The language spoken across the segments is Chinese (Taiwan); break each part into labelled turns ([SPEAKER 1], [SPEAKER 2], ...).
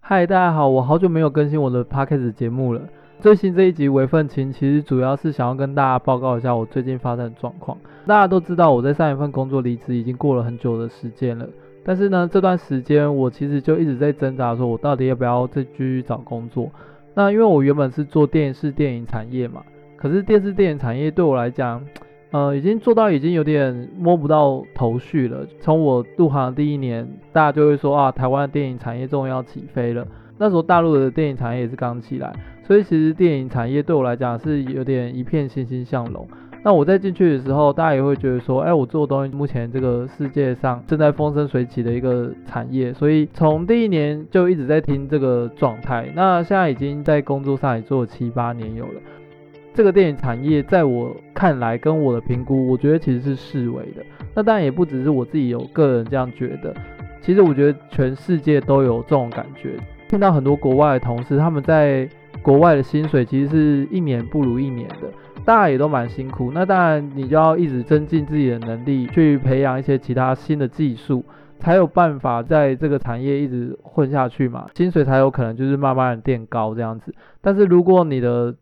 [SPEAKER 1] 嗨，Hi, 大家好！我好久沒有更新我的 podcast 節目了。最新這一集微奮青，其實主要是想要跟大家報告一下我最近發生的狀況。大家都知道我在上一份工作離職已經過了很久的時間了，但是呢，這段時間我其實就一直在掙扎，說我到底要不要再繼續找工作。那因為我原本是做電視電影產業嘛，可是電視電影產業對我來講，呃，已經做到已經有點摸不到頭緒了。從我入行的第一年，大家就會說啊，台灣的電影產業終於要起飛了。那時候大陸的電影產業也是剛起來，所以其實電影產業對我來講是有點一片欣欣向榮。那我在進去的時候，大家也會覺得說，哎、欸，我做的東西，目前這個世界上正在風生水起的一個產業，所以從第一年就一直在聽這個狀態。那現在已經在工作上也做了七八年有了。這個電影產業在我看來，跟我的評估，我覺得其實是式微的。那當然也不只是我自己有個人這樣覺得，其實我覺得全世界都有這種感覺。聽到很多國外的同事，他們在。國外的薪水其實是一年不如一年的，大家也都蠻辛苦。那當然，你就要一直增進自己的能力，去培養一些其他新的技術，才有辦法在這個產業一直混下去嘛，薪水才有可能就是慢慢的變高這樣子。但是如果你的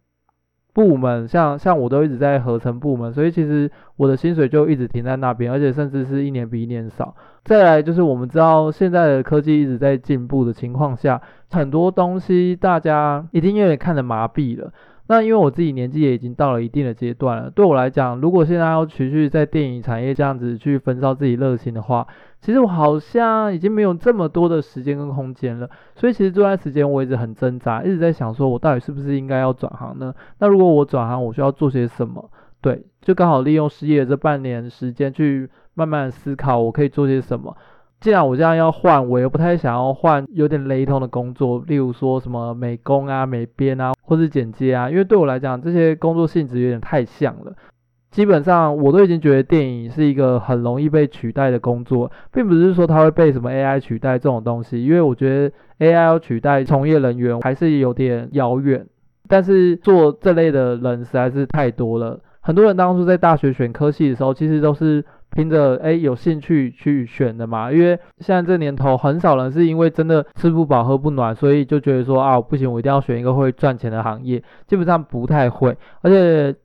[SPEAKER 1] 部門像，像我都一直在合成部門，所以其實我的薪水，就一直停在那邊，而且甚至是一年比一年少。再來就是我們知道現在的科技一直在進步的情況下，很多東西大家已經有點看得麻痹了。那因為我自己年紀也已經到了一定的階段了，對我來講，如果現在要持續在電影產業這樣子去焚燒自己熱情的話，其實我好像已經沒有這麼多的時間跟空間了，所以其實這段時間我一直很掙扎，一直在想說我到底是不是應該要轉行呢？那如果我轉行，我需要做些什麼？對，就剛好利用失業這半年時間去慢慢思考我可以做些什麼。既然我現在要換，我又不太想要換有點雷同的工作，例如說什麼美工啊、美編啊，或是剪接啊，因為對我來講，這些工作性質有點太像了。基本上我都已經覺得電影是一個很容易被取代的工作，並不是說它會被什麼 AI 取代這種東西，因為我覺得 AI 要取代從業人員還是有點遙遠。但是做這類的人實在是太多了，很多人當初在大學選科系的時候，其實都是憑着誒有興趣去選的嘛。因為現在這年頭，很少人是因為真的吃不飽喝不暖，所以就覺得說啊不行，我一定要選一個會賺錢的行業。基本上不太會，而且。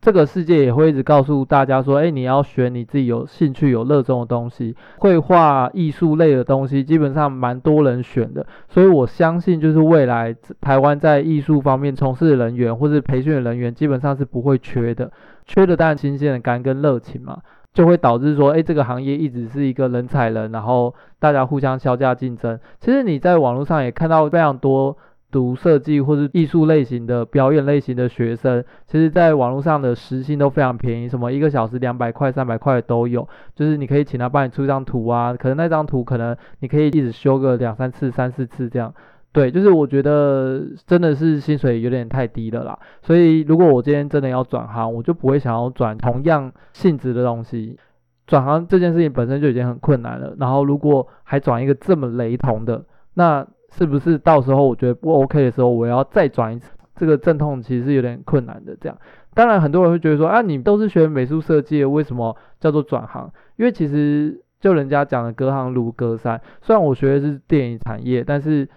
[SPEAKER 1] 這個世界也會一直告訴大家說，哎、欸，你要選你自己有興趣、有熱衷的東西，繪畫、藝術類的東西，基本上蠻多人選的。所以我相信，就是未來台灣在藝術方面從事的人員或者培訓的人員，基本上是不會缺的。缺的，但新鮮的感跟熱情嘛，就會導致說，哎、欸，這個行業一直是一個人踩人，然後大家互相削價競爭。其實你在網絡上也看到非常多。讀設計或是藝術類型的表演類型的學生，其實在網絡上的時薪都非常便宜，什麼一個小時兩百塊、三百塊都有。就是你可以請他幫你出一張圖啊，可能那張圖可能你可以一直修個兩三次、三四次這樣。對，就是我覺得真的是薪水有點太低了啦。所以如果我今天真的要轉行，我就不會想要轉同樣性質的東西。轉行這件事情本身就已經很困難了，然後如果還轉一個這麼雷同的，那。是不是到時候我覺得不 OK 的時候，我要再轉一次？這個陣痛其實是有點困難的。這樣，當然很多人會覺得說，啊，你都是學美術設計的，為什麼叫做轉行？因為其實就人家講的，隔行如隔山。雖然我學的是電影產業，但是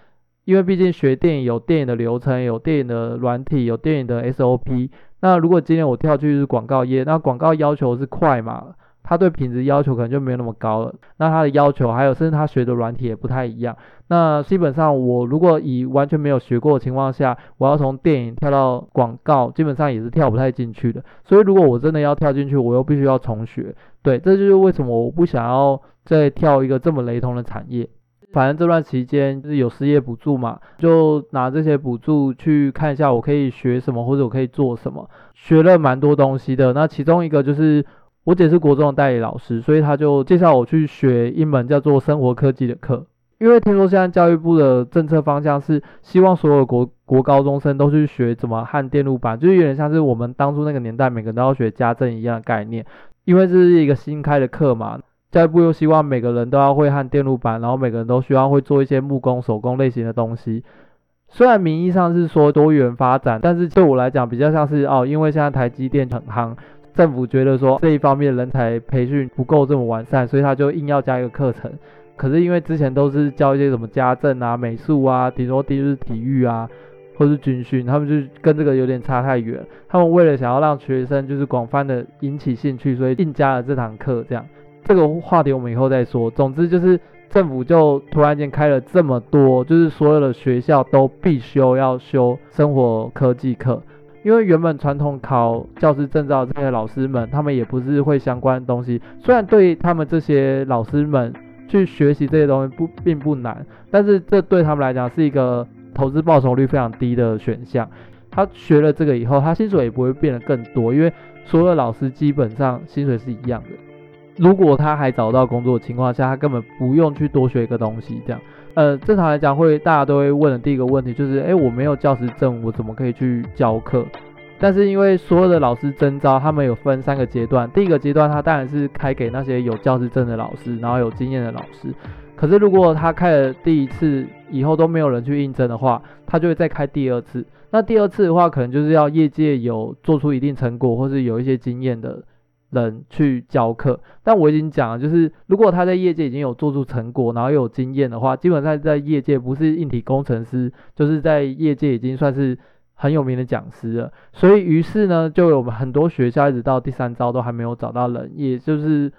[SPEAKER 1] 因為畢竟學電影有電影的流程，有電影的軟體，有電影的 SOP。那如果今天我跳去是廣告業，那廣告要求是快嘛？他對品質要求可能就沒有那麼高了，那他的要求還有甚至他學的軟體也不太一樣。那基本上我如果以完全沒有學過的情況下，我要從電影跳到廣告，基本上也是跳不太進去的。所以如果我真的要跳進去，我又必須要重學。對，這就是為什麼我不想要再跳一個這麼雷同的產業。反正這段期間就是有失業補助嘛，就拿這些補助去看一下我可以學什麼，或者我可以做什麼。學了蠻多東西的，那其中一個就是。我姐是國中的代理老師，所以她就介紹我去學一門叫做生活科技的課。因為聽說現在教育部的政策方向是希望所有國國高中生都去學怎麼焊電路板，就是有點像是我們當初那個年代每個人都要學家政一樣的概念。因為這是一個新開的課嘛，教育部又希望每個人都要會焊電路板，然後每個人都需要會做一些木工、手工類型的東西。雖然名義上是說多元發展，但是對我來講比較像是哦，因為現在台積電很夯。政府覺得說這一方面人才培訓不夠這麼完善，所以他就硬要加一個課程。可是因為之前都是教一些什麼家政啊、美術啊，比如說就是體育啊，或是軍訓，他們就跟這個有點差太遠。他們為了想要讓學生就是廣泛的引起興趣，所以硬加了這堂課。這樣這個話題我們以後再說。總之就是政府就突然間開了這麼多，就是所有的學校都必修要修生活科技課。因為原本傳統考教師證照這些老師們，他們也不是會相關的東西。雖然對他們這些老師們去學習這些東西不並不難，但是這對他們來講是一個投資報酬率非常低的選項。他學了這個以後，他薪水也不會變得更多，因為所有的老師基本上薪水是一樣的。如果他還找到工作的情況下，他根本不用去多學一個東西這樣。呃，正常來講會，大家都會問的第一個問題就是，哎、欸，我沒有教師證，我怎麼可以去教課？但是因為所有的老師徵召，他們有分三個階段，第一個階段他當然是開給那些有教師證的老師，然後有經驗的老師。可是如果他開了第一次以後都沒有人去應徵的話，他就會再開第二次。那第二次的話，可能就是要業界有做出一定成果，或是有一些經驗的。人去教課，但我已經講了，就是如果他在業界已經有做出成果，然後又有經驗的話，基本上在業界不是硬體工程師，就是在業界已經算是很有名的講師了。所以於是呢，就有我們很多學校一直到第三招都還沒有找到人，也就是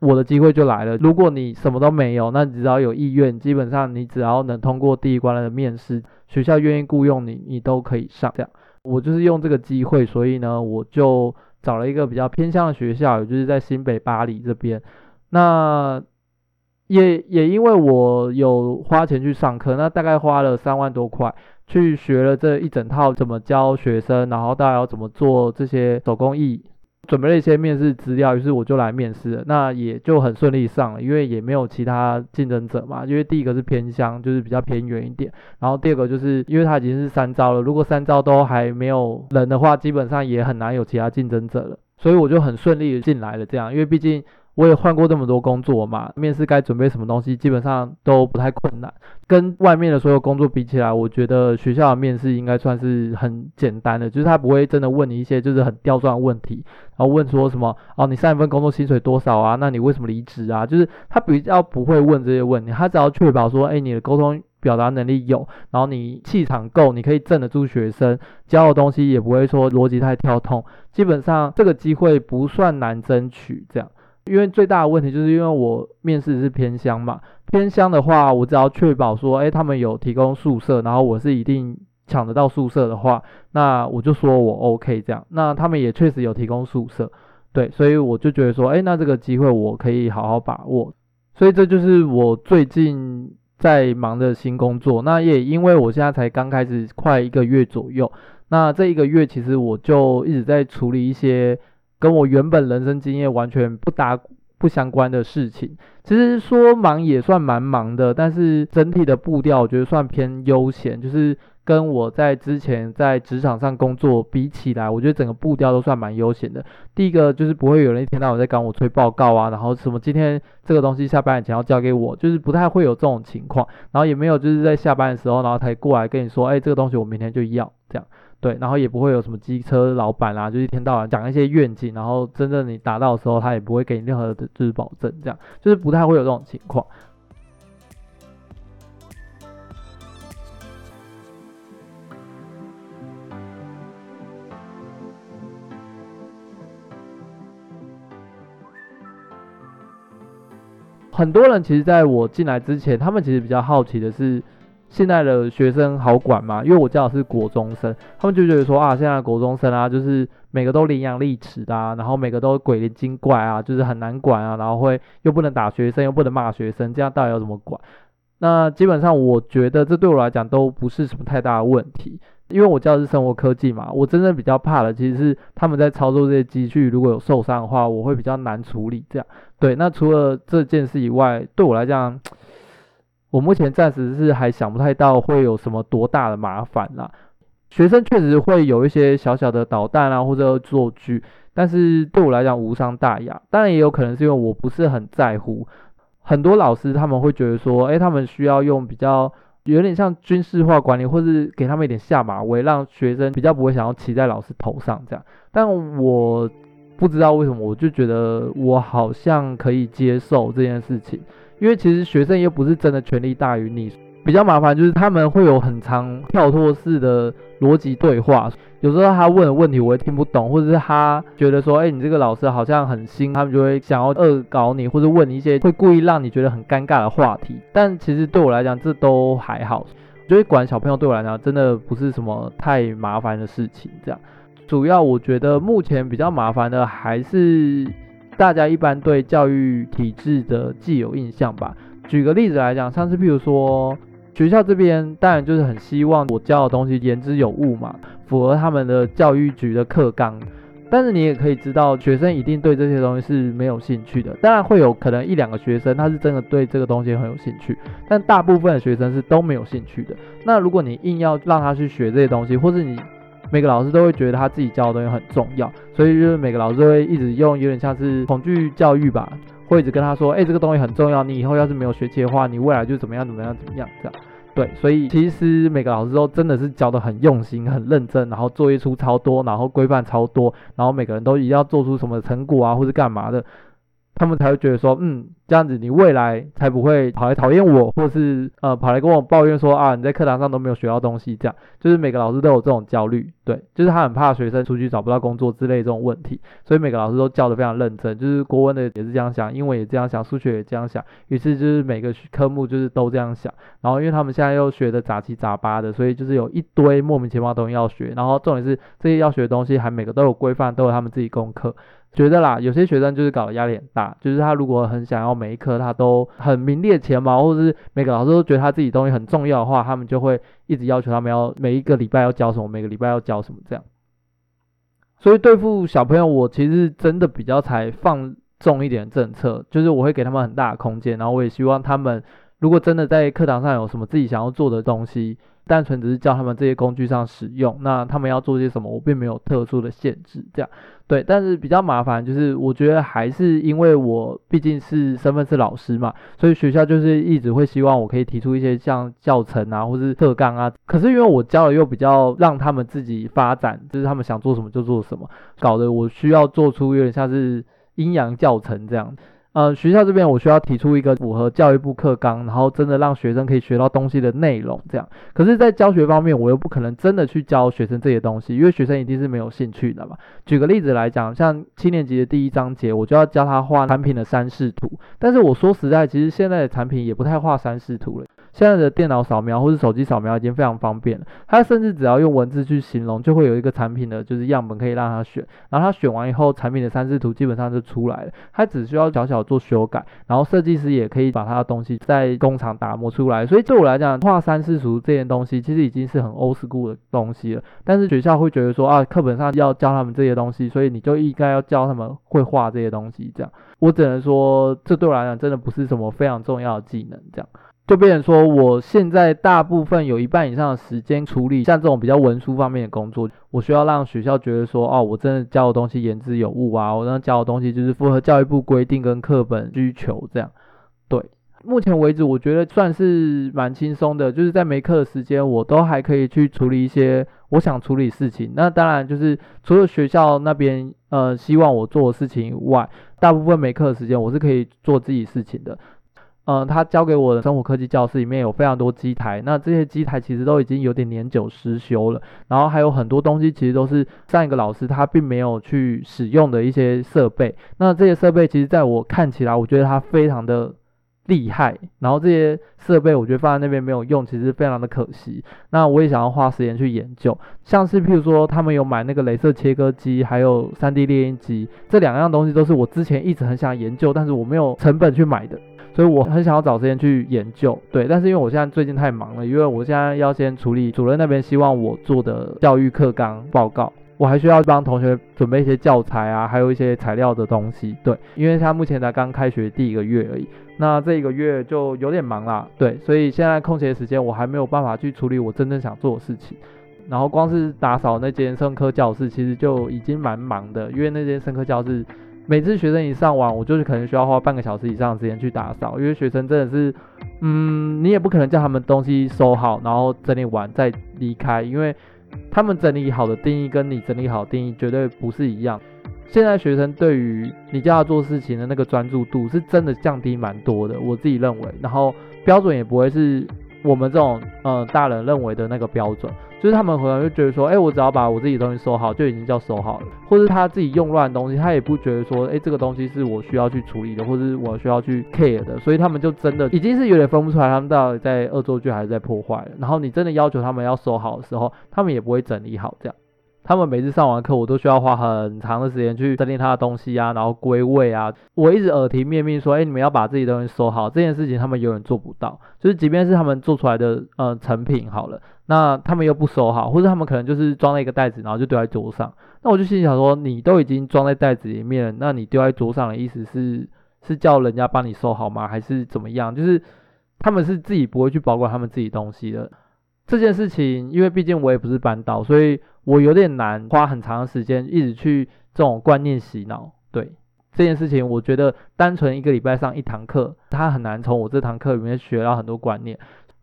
[SPEAKER 1] 我的機會就來了。如果你什麼都沒有，那你只要有意願，基本上你只要能通過第一關來的面試，學校願意雇傭你，你都可以上。這樣，我就是用這個機會，所以呢，我就。找了一個比較偏向的學校，也就是在新北巴黎這邊。那也也因為我有花錢去上課，那大概花了三萬多塊，去學了這一整套怎麼教學生，然後到底要怎麼做這些手工藝。準備了一些面試資料，於是我就來面試了。那也就很順利上了，因為也沒有其他競爭者嘛。因為第一個是偏鄉，就是比較偏遠一點；然後第二個就是，因為它已經是三招了，如果三招都還沒有人的話，基本上也很難有其他競爭者了。所以我就很順利進來了。這樣，因為畢竟。我也換過這麼多工作嘛，面試該準備什麼東西，基本上都不太困難。跟外面的所有工作比起來，我覺得學校的面試應該算是很簡單的，就是他不會真的問你一些就是很刁鑽的問題，然後問說什麼，哦，你上一份工作薪水多少啊？那你為什麼離職啊？就是他比較不會問這些問題，他只要確保說，哎、欸，你的溝通表達能力有，然後你氣場夠，你可以鎮得住學生，教的東西也不會說邏輯太跳痛，基本上這個機會不算難爭取，這樣。因為最大的問題就是因為我面試是偏鄉嘛，偏鄉的話，我只要確保說，哎、欸，他們有提供宿舍，然後我是一定搶得到宿舍的話，那我就說我 OK 這樣，那他們也確實有提供宿舍，對，所以我就覺得說，哎、欸，那這個機會我可以好好把握，所以這就是我最近在忙的新工作。那也因為我現在才剛開始快一個月左右，那這一個月其實我就一直在處理一些，跟我原本人生經驗完全不搭不相關的事情，其實說忙也算蠻忙的，但是整體的步調我覺得算偏悠閒，就是跟我在之前在職場上工作比起來，我覺得整個步調都算蠻悠閒的。第一個就是不會有人一天到晚在趕我催報告啊，然後什麼今天這個東西下班以前要交給我，就是不太會有這種情況。然後也沒有就是在下班的時候，然後才過來跟你說，哎、欸，這個東西我明天就要這樣。對，然後也不會有什麼機車老闆啦、啊，就一天到晚講一些願景，然後真正你達到的時候，他也不會給你任何的，就是保證，這樣，就是不太會有這種情況。很多人其實，在我進來之前，他們其實比較好奇的是，現在的學生好管嗎？因為我教的是國中生，他們就覺得說啊，現在的國中生啊，就是每個都伶牙俐齒的啊，然後每個都鬼靈精怪啊，就是很難管啊，然後會又不能打學生，又不能罵學生，這樣到底要怎麼管？那基本上我覺得這對我來講都不是什麼太大的問題，因為我教的是生活科技嘛。我真正比較怕的其實是他們在操作這些機具，如果有受傷的話，我會比較難處理。這樣對。那除了這件事以外，對我來講。我目前暫時是還想不太到會有什麼多大的麻煩啦、啊。學生確實會有一些小小的搗蛋啊，或者惡作劇，但是對我來講無傷大雅。當然也有可能是因為我不是很在乎。很多老師他們會覺得說，哎、欸，他們需要用比較有點像軍事化管理，或是給他們一點下馬威，讓學生比較不會想要騎在老師頭上這樣。但我。不知道為什麼，我就覺得我好像可以接受這件事情，因為其實學生又不是真的權利大於你。比較麻煩就是他們會有很長跳脫式的邏輯對話，有時候他問的問題我也聽不懂，或者是他覺得說，哎、欸，你這個老師好像很新，他們就會想要惡搞你，或者問一些會故意讓你覺得很尷尬的話題。但其實對我來講，這都還好，就是管小朋友對我來講真的不是什麼太麻煩的事情，這樣。主要我覺得目前比較麻煩的還是大家一般對教育體制的既有印象吧。舉個例子來講，上次譬如說，學校這邊，當然就是很希望我教的東西言之有物嘛，符合他們的教育局的課綱。但是你也可以知道，學生一定對這些東西是沒有興趣的。當然會有可能一兩個學生他是真的對這個東西很有興趣，但大部分的學生是都沒有興趣的。那如果你硬要讓他去學這些東西，或是你。每個老師都會覺得他自己教的東西很重要，所以就是每個老師都會一直用有點像是恐懼教育吧，會一直跟他說，誒、欸，這個東西很重要，你以後要是沒有學習的話，你未來就怎麼樣怎麼樣怎麼樣，怎麼樣這樣。對，所以其實每個老師都真的是教的很用心、很認真，然後作業出超多，然後規範超多，然後每個人都一定要做出什麼成果啊，或是幹嘛的。他們才會覺得說，嗯，這樣子你未來才不會跑來討厭我，或是呃跑來跟我抱怨說啊你在課堂上都沒有學到東西，這樣就是每個老師都有這種焦慮，對，就是他很怕學生出去找不到工作之類的這種問題，所以每個老師都教得非常認真，就是國文的也是這樣想，英文也這樣想，數學也這樣想，於是就是每個科目就是都這樣想，然後因為他們現在又學得雜七雜八的，所以就是有一堆莫名其妙的東西要學，然後重點是這些要學的東西還每個都有規範，都有他們自己功課。覺得啦，有些學生就是搞得壓力很大，就是他如果很想要每一科他都很名列前茅，或者是每個老師都覺得他自己東西很重要的話，他們就會一直要求他們要每一個禮拜要教什麼，每個禮拜要教什麼這樣。所以對付小朋友，我其實真的比較才放縱一點政策，就是我會給他們很大的空間，然後我也希望他們。如果真的在課堂上有什麼自己想要做的東西，單純只是教他們這些工具上使用，那他們要做些什麼，我並沒有特殊的限制這樣，對，但是比較麻煩，就是我覺得還是因為我畢竟是身份是老師嘛，所以學校就是一直會希望我可以提出一些像教程啊，或是特綱啊。可是因為我教的又比較讓他們自己發展，就是他們想做什麼就做什麼，搞得我需要做出有點像是陰陽教程這樣。呃、嗯，學校這邊我需要提出一個符合教育部課綱，然後真的讓學生可以學到東西的內容，這樣。可是，在教學方面，我又不可能真的去教學生這些東西，因為學生一定是沒有興趣的嘛。舉個例子來講，像七年級的第一章節，我就要教他畫產品的三視圖，但是我說實在，其實現在的產品也不太畫三視圖了。現在的電腦掃描或是手機掃描已經非常方便了，他甚至只要用文字去形容，就會有一個產品的就是樣本可以讓他選，然後他選完以後，產品的三視圖基本上就出來了，他只需要小小做修改，然後設計師也可以把他的東西在工廠打磨出來。所以對我來講，畫三視圖這件東西其實已經是很 old school 的東西了。但是學校會覺得說啊，課本上要教他們這些東西，所以你就應該要教他們會畫這些東西。這樣，我只能說，這對我來講真的不是什麼非常重要的技能。這樣。就變成說，我現在大部分有一半以上的時間處理像這種比較文書方面的工作，我需要讓學校覺得說，哦，我真的教的東西言之有物啊，我那教的東西就是符合教育部規定跟課本需求這樣。對，目前為止我覺得算是蠻輕鬆的，就是在沒課的時間，我都還可以去處理一些我想處理事情。那當然就是除了學校那邊呃希望我做的事情以外，大部分沒課的時間我是可以做自己事情的。嗯，他教給我的生活科技教室裡面有非常多機台，那這些機台其實都已經有點年久失修了。然後還有很多東西其實都是上一個老師他並沒有去使用的一些設備。那這些設備其實在我看起來，我覺得它非常的厲害。然後這些設備我覺得放在那邊沒有用，其實非常的可惜。那我也想要花時間去研究，像是譬如說他們有買那個雷射切割機，還有三 D 列印機，這兩樣東西都是我之前一直很想研究，但是我沒有成本去買的。所以我很想要找時間去研究，對，但是因為我現在最近太忙了，因為我現在要先處理主任那邊希望我做的教育課綱報告，我還需要幫同學準備一些教材啊，還有一些材料的東西，對，因為現在目前才剛開學第一個月而已，那這一個月就有點忙啦，對，所以現在空閒時間我還沒有辦法去處理我真正想做的事情，然後光是打掃那間生科教室其實就已經蠻忙的，因為那間生科教室。每次學生一上網，我就是可能需要花半個小時以上的時間去打掃，因為學生真的是，嗯，你也不可能叫他們東西收好，然後整理完再離開，因為他們整理好的定義跟你整理好的定義絕對不是一樣。現在學生對於你叫他做事情的那個專注度是真的降低蠻多的，我自己認為，然後標準也不會是我們這種，嗯，大人認為的那個標準。就是他們回來就覺得說，哎、欸，我只要把我自己的東西收好，就已經叫收好了。或者他自己用亂的東西，他也不覺得說，哎、欸，這個東西是我需要去處理的，或者我需要去 care 的。所以他們就真的已經是有點分不出來，他們到底在惡作劇還是在破壞了。然後你真的要求他們要收好的時候，他們也不會整理好這樣。他們每次上完課，我都需要花很長的時間去整理他的東西啊，然後歸位啊。我一直耳提面命說：“哎，你們要把自己東西收好。”這件事情他們永遠做不到。就是即便是他們做出來的，呃成品好了，那他們又不收好，或者他們可能就是裝了一個袋子，然後就丟在桌上。那我就心想說：“你都已經裝在袋子裡面，那你丟在桌上的意思是是叫人家幫你收好嗎？還是怎麼樣？就是他們是自己不會去保管他們自己東西的。”這件事情，因為畢竟我也不是班導，所以我有點難花很長的時間，一直去這種觀念洗腦。對這件事情，我覺得單純一個禮拜上一堂課，他很難從我這堂課裡面學到很多觀念。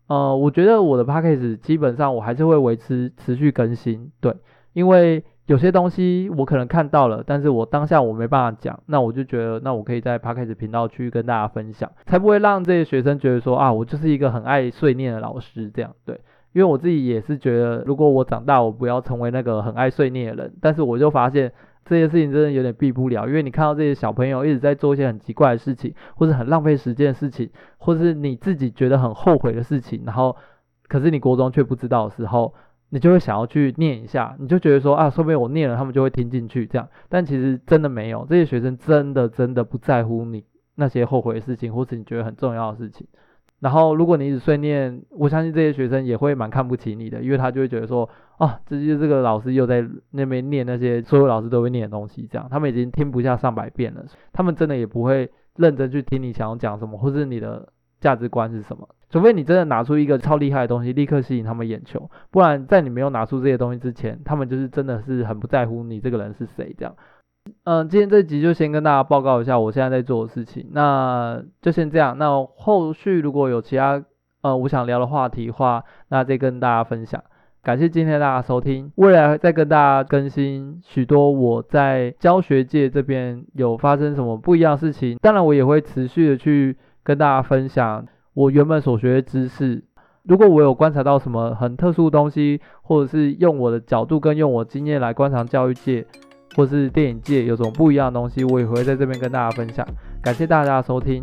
[SPEAKER 1] 呃，我覺得我的 podcast 基本上我還是會維持持續更新，對，因為有些東西我可能看到了，但是我當下我沒辦法講，那我就覺得那我可以在 podcast 頻道去跟大家分享，才不會讓這些學生覺得說啊，我就是一個很愛碎念的老師這樣，對。因為我自己也是覺得，如果我長大，我不要成為那個很愛碎念的人。但是我就發現，這些事情真的有點避不了。因為你看到這些小朋友一直在做一些很奇怪的事情，或是很浪費時間的事情，或是你自己覺得很後悔的事情，然後，可是你國中卻不知道的時候，你就會想要去念一下，你就覺得說啊，說不定我念了，他們就會聽進去這樣。但其實真的沒有，這些學生真的真的不在乎你那些後悔的事情，或是你覺得很重要的事情。然後，如果你一直碎念，我相信這些學生也會蠻看不起你的，因為他就會覺得說，啊，這就是這個老師又在那邊念那些所有老師都會念的東西，這樣他們已經聽不下上百遍了，他們真的也不會認真去聽你想要講什麼，或是你的價值觀是什麼，除非你真的拿出一個超厲害的東西，立刻吸引他們眼球，不然在你沒有拿出這些東西之前，他們就是真的是很不在乎你這個人是誰這樣。嗯，今天這集就先跟大家報告一下我現在在做的事情，那就先這樣。那後續如果有其他呃、嗯、我想聊的話題的話，那再跟大家分享。感謝今天大家收聽，未來再跟大家更新許多我在教學界這邊有發生什麼不一樣的事情。當然我也會持續的去跟大家分享我原本所學的知識。如果我有觀察到什麼很特殊的東西，或者是用我的角度跟用我經驗來觀察教育界。或是電影界有種不一樣的東西，我也會在這邊跟大家分享。感謝大家的收聽。